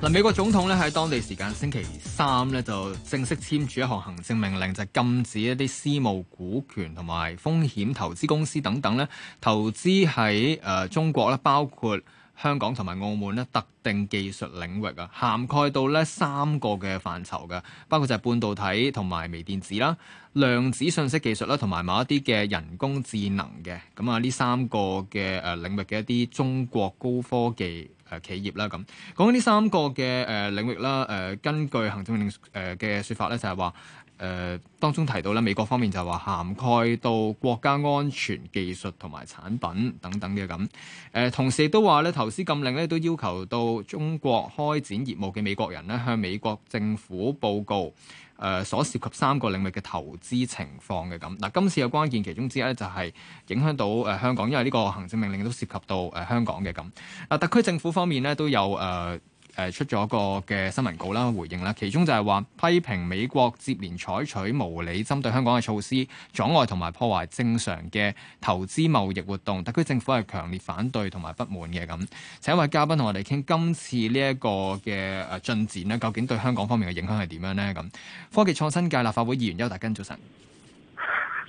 嗱，美國總統咧喺當地時間星期三咧就正式簽署一項行政命令，就禁止一啲私募股權同埋風險投資公司等等咧投資喺誒、呃、中國啦，包括香港同埋澳門咧特定技術領域啊，涵蓋到咧三個嘅範疇㗎，包括就係半導體同埋微電子啦、量子信息技術啦，同埋某一啲嘅人工智能嘅，咁啊呢三個嘅誒領域嘅一啲中國高科技誒企業啦咁。講緊呢三個嘅誒領域啦，誒、呃、根據行政令誒嘅説法咧，就係話。誒、呃、當中提到咧，美國方面就話涵蓋到國家安全技術同埋產品等等嘅咁。誒、呃、同時都話咧，投資禁令咧都要求到中國開展業務嘅美國人咧向美國政府報告誒、呃、所涉及三個領域嘅投資情況嘅咁。嗱、呃，今次嘅關鍵其中之一咧就係影響到誒、呃、香港，因為呢個行政命令都涉及到誒、呃、香港嘅咁。啊、呃，特區政府方面咧都有誒。呃誒出咗個嘅新聞稿啦，回應啦，其中就係話批評美國接連採取無理針對香港嘅措施，阻礙同埋破壞正常嘅投資貿易活動，特區政府係強烈反對同埋不滿嘅咁。請一位嘉賓同我哋傾今次呢一個嘅誒進展呢，究竟對香港方面嘅影響係點樣呢？咁，科技創新界立法會議員邱達根，早晨，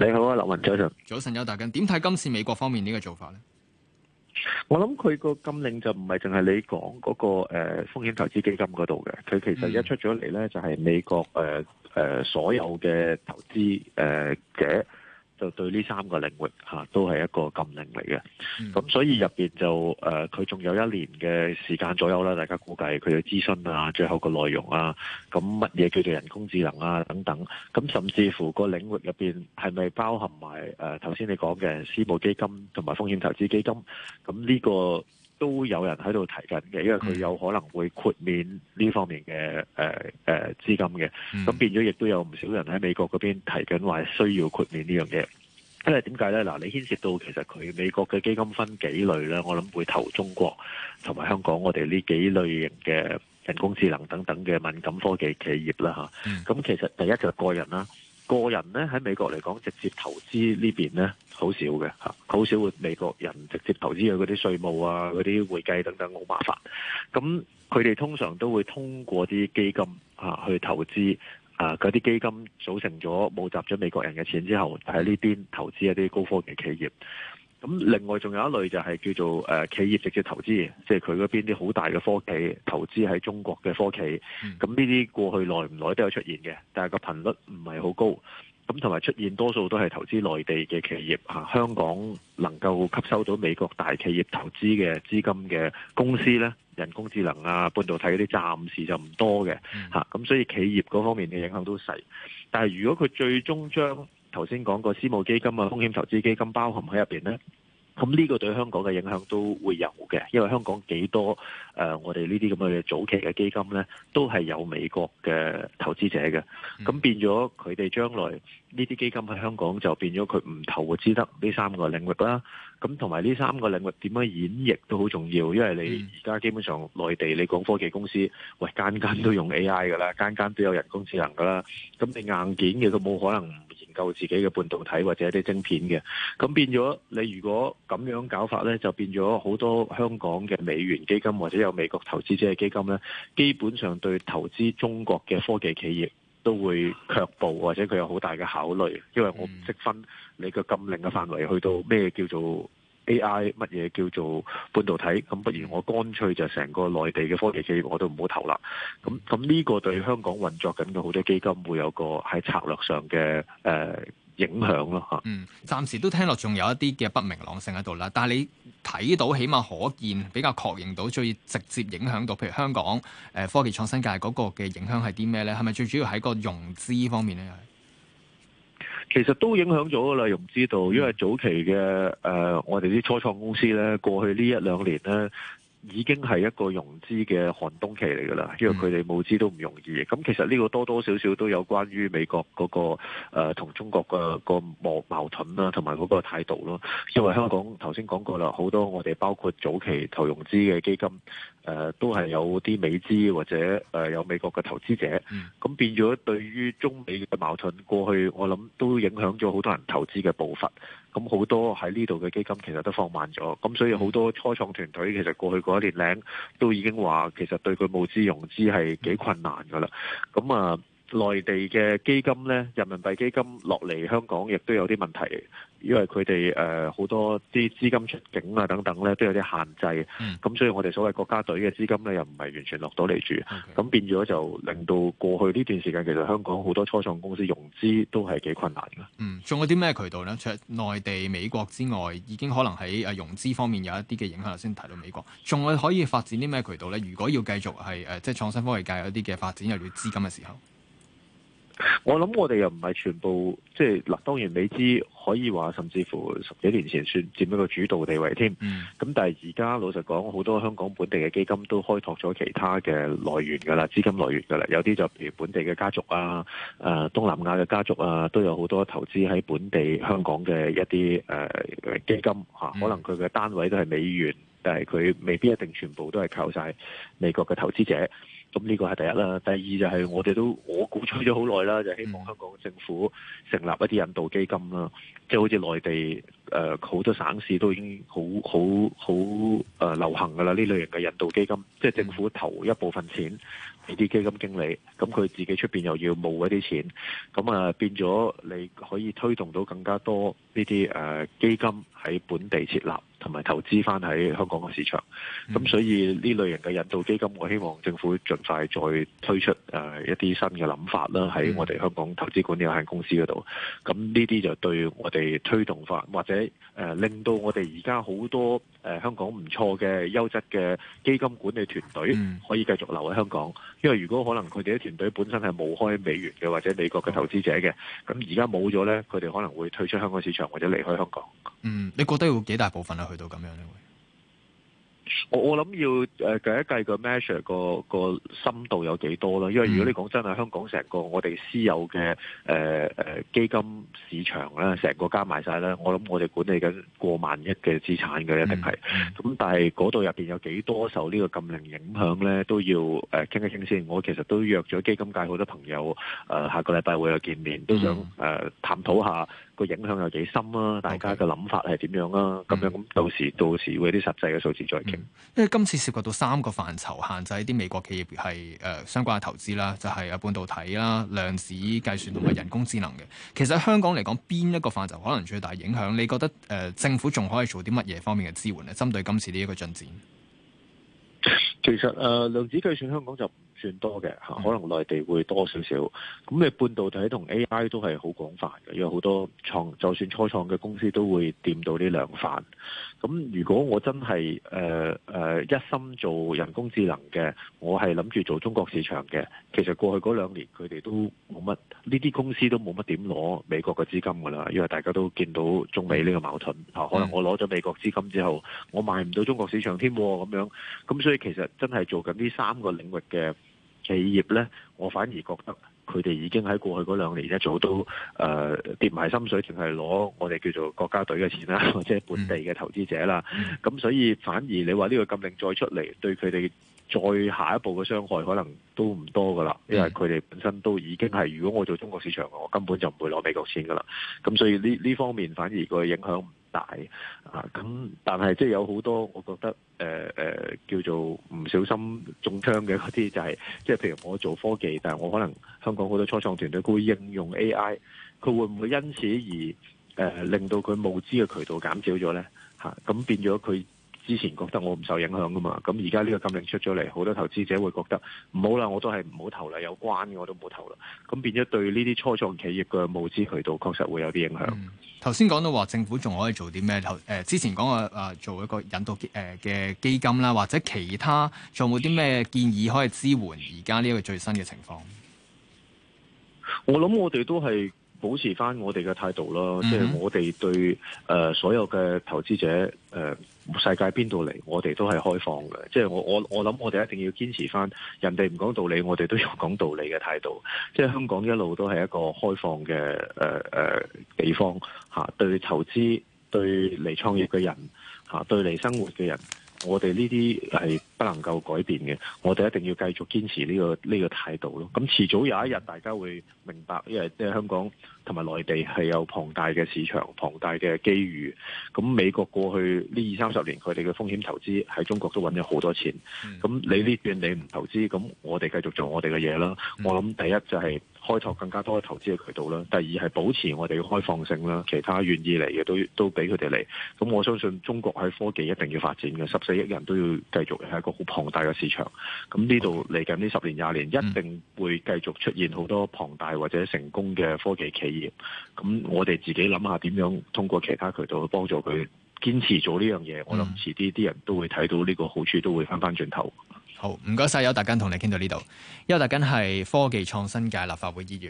你好啊，劉文早晨。早晨，邱達根，點睇今次美國方面呢個做法呢？我諗佢個禁令就唔係淨係你講嗰、嗰個誒、呃、風險投資基金嗰度嘅，佢其實一出咗嚟咧就係、係、美國誒誒、呃呃、所有嘅投資誒者。呃就對呢三個領域嚇、啊，都係一個禁令嚟嘅。咁、啊、所以入邊就誒，佢、啊、仲有一年嘅時間左右啦。大家估計佢嘅諮詢啊，最後個內容啊，咁乜嘢叫做人工智能啊等等，咁、啊、甚至乎個領域入邊係咪包含埋誒頭先你講嘅私募基金同埋風險投資基金？咁、啊、呢、這個。都有人喺度提緊嘅，因為佢有可能會豁免呢方面嘅誒誒資金嘅，咁變咗亦都有唔少人喺美國嗰邊提緊話需要豁免呢樣嘢，因為點解咧？嗱，你牽涉到其實佢美國嘅基金分幾類咧，我諗會投中國同埋香港，我哋呢幾類型嘅人工智能等等嘅敏感科技企業啦嚇。咁其實第一就係個人啦。個人咧喺美國嚟講，直接投資呢邊咧好少嘅嚇，好少會美國人直接投資嘅。嗰啲稅務啊、嗰啲會計等等好麻煩。咁佢哋通常都會通過啲基金嚇、啊、去投資，啊嗰啲基金組成咗，募集咗美國人嘅錢之後，喺呢邊投資一啲高科技企業。咁另外仲有一類就係叫做誒企業直接投資，即係佢嗰邊啲好大嘅科企投資喺中國嘅科企。咁呢啲過去耐唔耐都有出現嘅，但係個頻率唔係好高。咁同埋出現多數都係投資內地嘅企業。嚇、啊，香港能夠吸收到美國大企業投資嘅資金嘅公司咧，人工智能啊、半導體嗰啲，暫時就唔多嘅嚇。咁、啊、所以企業嗰方面嘅影響都細。但係如果佢最終將頭先講過私募基金啊、風險投資基金包含喺入邊呢。咁呢個對香港嘅影響都會有嘅，因為香港幾多誒、呃、我哋呢啲咁嘅早期嘅基金呢，都係有美國嘅投資者嘅，咁變咗佢哋將來呢啲基金喺香港就變咗佢唔投資得呢三個領域啦。咁同埋呢三個領域點樣演繹都好重要，因為你而家基本上內地你講科技公司，喂，間間都用 AI 㗎喇，間間都有人工智能㗎喇，咁你硬件嘅都冇可能。夠自己嘅半導體或者一啲晶片嘅，咁變咗你如果咁樣搞法咧，就變咗好多香港嘅美元基金或者有美國投資者嘅基金咧，基本上對投資中國嘅科技企業都會卻步，或者佢有好大嘅考慮，因為我唔識分你嘅禁令嘅範圍去到咩叫做， A.I. 乜嘢叫做半導體？咁不如我乾脆就成個內地嘅科技企業我都唔好投啦。咁咁呢個對香港運作緊嘅好多基金會有個喺策略上嘅誒、呃、影響咯嚇。嗯，暫時都聽落仲有一啲嘅不明朗性喺度啦。但係你睇到起碼可見比較確認到最直接影響到，譬如香港誒、呃、科技創新界嗰個嘅影響係啲咩咧？係咪最主要喺個融資方面咧？其實都影響咗噶啦，融資度，因為早期嘅誒、呃，我哋啲初創公司咧，過去呢一兩年咧。已經係一個融資嘅寒冬期嚟㗎啦，因為佢哋募資都唔容易。咁其實呢個多多少少都有關於美國嗰、嗰個同、呃、中國嘅個矛矛盾啦，同埋嗰個態度咯。因為香港頭先講過啦，好多我哋包括早期投融資嘅基金誒、呃，都係有啲美資或者誒有美國嘅投資者。咁、嗯、變咗對於中美嘅矛盾，過去我諗都影響咗好多人投資嘅步伐。咁好多喺呢度嘅基金其實都放慢咗，咁所以好多初創團隊其實過去嗰一年領都已經話，其實對佢募資融資係幾困難噶啦，咁啊。內地嘅基金咧，人民幣基金落嚟香港，亦都有啲問題，因為佢哋誒好多啲資金出境啊，等等咧都有啲限制。咁、嗯、所以，我哋所謂國家隊嘅資金咧，又唔係完全落到嚟住。咁、嗯、變咗就令到過去呢段時間，其實香港好多初創公司融資都係幾困難噶。嗯，仲有啲咩渠道呢？除內地、美國之外，已經可能喺誒融資方面有一啲嘅影響，先提到美國。仲可以發展啲咩渠道呢？如果要繼續係誒、呃，即係創新科技界有啲嘅發展，又要資金嘅時候。我諗我哋又唔係全部，即係嗱，當然你知，可以話甚至乎十幾年前算佔一個主導地位添。咁、嗯、但係而家老實講，好多香港本地嘅基金都開拓咗其他嘅來源㗎喇，資金來源㗎喇，有啲就譬如本地嘅家族啊，誒、呃、東南亞嘅家族啊，都有好多投資喺本地香港嘅一啲誒、嗯呃、基金吓，可能佢嘅單位都係美元。但係佢未必一定全部都係靠晒美國嘅投資者，咁呢個係第一啦。第二就係我哋都我鼓吹咗好耐啦，就是、希望香港政府成立一啲引導基金啦，即、就、係、是、好似內地誒好、呃、多省市都已經好好好誒流行㗎啦呢類型嘅引導基金，即、就、係、是、政府投一部分錢俾啲基金經理，咁佢自己出邊又要募一啲錢，咁啊、呃、變咗你可以推動到更加多呢啲誒基金喺本地設立。同埋投資翻喺香港嘅市場，咁、嗯、所以呢類型嘅引導基金，我希望政府盡快再推出誒、呃、一啲新嘅諗法啦，喺、嗯、我哋香港投資管理有限公司嗰度。咁呢啲就對我哋推動法，或者誒、呃、令到我哋而家好多誒、呃、香港唔錯嘅優質嘅基金管理團隊、嗯、可以繼續留喺香港。因為如果可能佢哋啲團隊本身係冇開美元嘅或者美國嘅投資者嘅，咁而家冇咗呢，佢哋可能會退出香港市場或者離開香港。嗯，你覺得要幾大部分啊？去到咁樣咧，我我諗要誒計、呃、一計個 measure 個個深度有幾多啦，因為如果你講真係香港成個我哋私有嘅誒誒基金市場咧，成個加埋晒咧，我諗我哋管理緊過萬億嘅資產嘅，一定係。咁、嗯嗯、但係嗰度入邊有幾多受呢個禁令影響咧，都要誒傾、呃、一傾先。我其實都約咗基金界好多朋友誒、呃，下個禮拜會有見面，都想誒、嗯呃、探討下。個影響又幾深啊！大家嘅諗法係點樣啊？咁 Okay. 樣，咁到時到時會有啲實際嘅數字再傾、嗯。因為今次涉及到三個範疇，限制啲美國企業係誒、呃、相關嘅投資啦，就係、是、啊半導體啦、量子計算同埋人工智能嘅。其實喺香港嚟講，邊一個範疇可能最大影響？你覺得誒、呃、政府仲可以做啲乜嘢方面嘅支援呢？針對今次呢一個進展？其實誒、呃、量子計算香港就。算多嘅，可能內地會多少少。咁你半導體同 AI 都係好廣泛嘅，因為好多創就算初創嘅公司都會掂到呢兩飯。咁如果我真係誒誒一心做人工智能嘅，我係諗住做中國市場嘅。其實過去嗰兩年佢哋都冇乜，呢啲公司都冇乜點攞美國嘅資金㗎啦。因為大家都見到中美呢個矛盾， 可能我攞咗美國資金之後，我賣唔到中國市場添咁樣。咁所以其實真係做緊呢三個領域嘅。企業呢，我反而覺得佢哋已經喺過去嗰兩年一早都誒，跌埋心水，淨係攞我哋叫做國家隊嘅錢啦，或者本地嘅投資者啦。咁、嗯、所以反而你話呢個禁令再出嚟，對佢哋再下一步嘅傷害可能都唔多㗎喇，嗯、因為佢哋本身都已經係，如果我做中國市場，我根本就唔會攞美國錢㗎喇。咁所以呢呢方面反而佢影響大啊！咁但係即係有好多，我覺得誒誒叫做唔小心中槍嘅嗰啲，就係即係譬如我做科技，但係我可能香港好多初創團隊會應用 AI，佢會唔會因此而誒令到佢募資嘅渠道減少咗咧？嚇！咁變咗佢。之前覺得我唔受影響噶嘛，咁而家呢個禁令出咗嚟，好多投資者會覺得唔好啦，我都係唔好投啦，有關嘅我都唔好投啦，咁變咗對呢啲初創企業嘅募資渠道確實會有啲影響。頭先講到話政府仲可以做啲咩？頭、呃、誒之前講啊啊，做一個引導誒嘅基金啦，或者其他仲有冇啲咩建議可以支援而家呢個最新嘅情況？我諗我哋都係保持翻我哋嘅態度咯，即係、嗯、我哋對誒、呃、所有嘅投資者誒。呃世界邊度嚟，我哋都係開放嘅，即係我我我諗，我哋一定要堅持翻，人哋唔講道理，我哋都要講道理嘅態度。即係香港一路都係一個開放嘅誒誒地方吓、啊，對投資、對嚟創業嘅人吓、啊，對嚟生活嘅人。我哋呢啲係不能夠改變嘅，我哋一定要繼續堅持呢個呢個態度咯。咁遲早有一日，大家會明白，因為即係香港同埋內地係有龐大嘅市場、龐大嘅機遇。咁美國過去呢二三十年，佢哋嘅風險投資喺中國都揾咗好多錢。咁你呢段你唔投資，咁我哋繼續做我哋嘅嘢啦。我諗第一就係。開拓更加多嘅投資嘅渠道啦。第二係保持我哋嘅開放性啦。其他願意嚟嘅都都俾佢哋嚟。咁我相信中國喺科技一定要發展嘅。十四億人都要繼續係一個好龐大嘅市場。咁呢度嚟緊呢十年廿年，一定會繼續出現好多龐大或者成功嘅科技企業。咁我哋自己諗下點樣通過其他渠道去幫助佢堅持做呢樣嘢。我諗遲啲啲人都會睇到呢個好處，都會翻翻轉頭。好，唔該晒邱達根同你傾到呢度。邱達根係科技創新界立法會議員。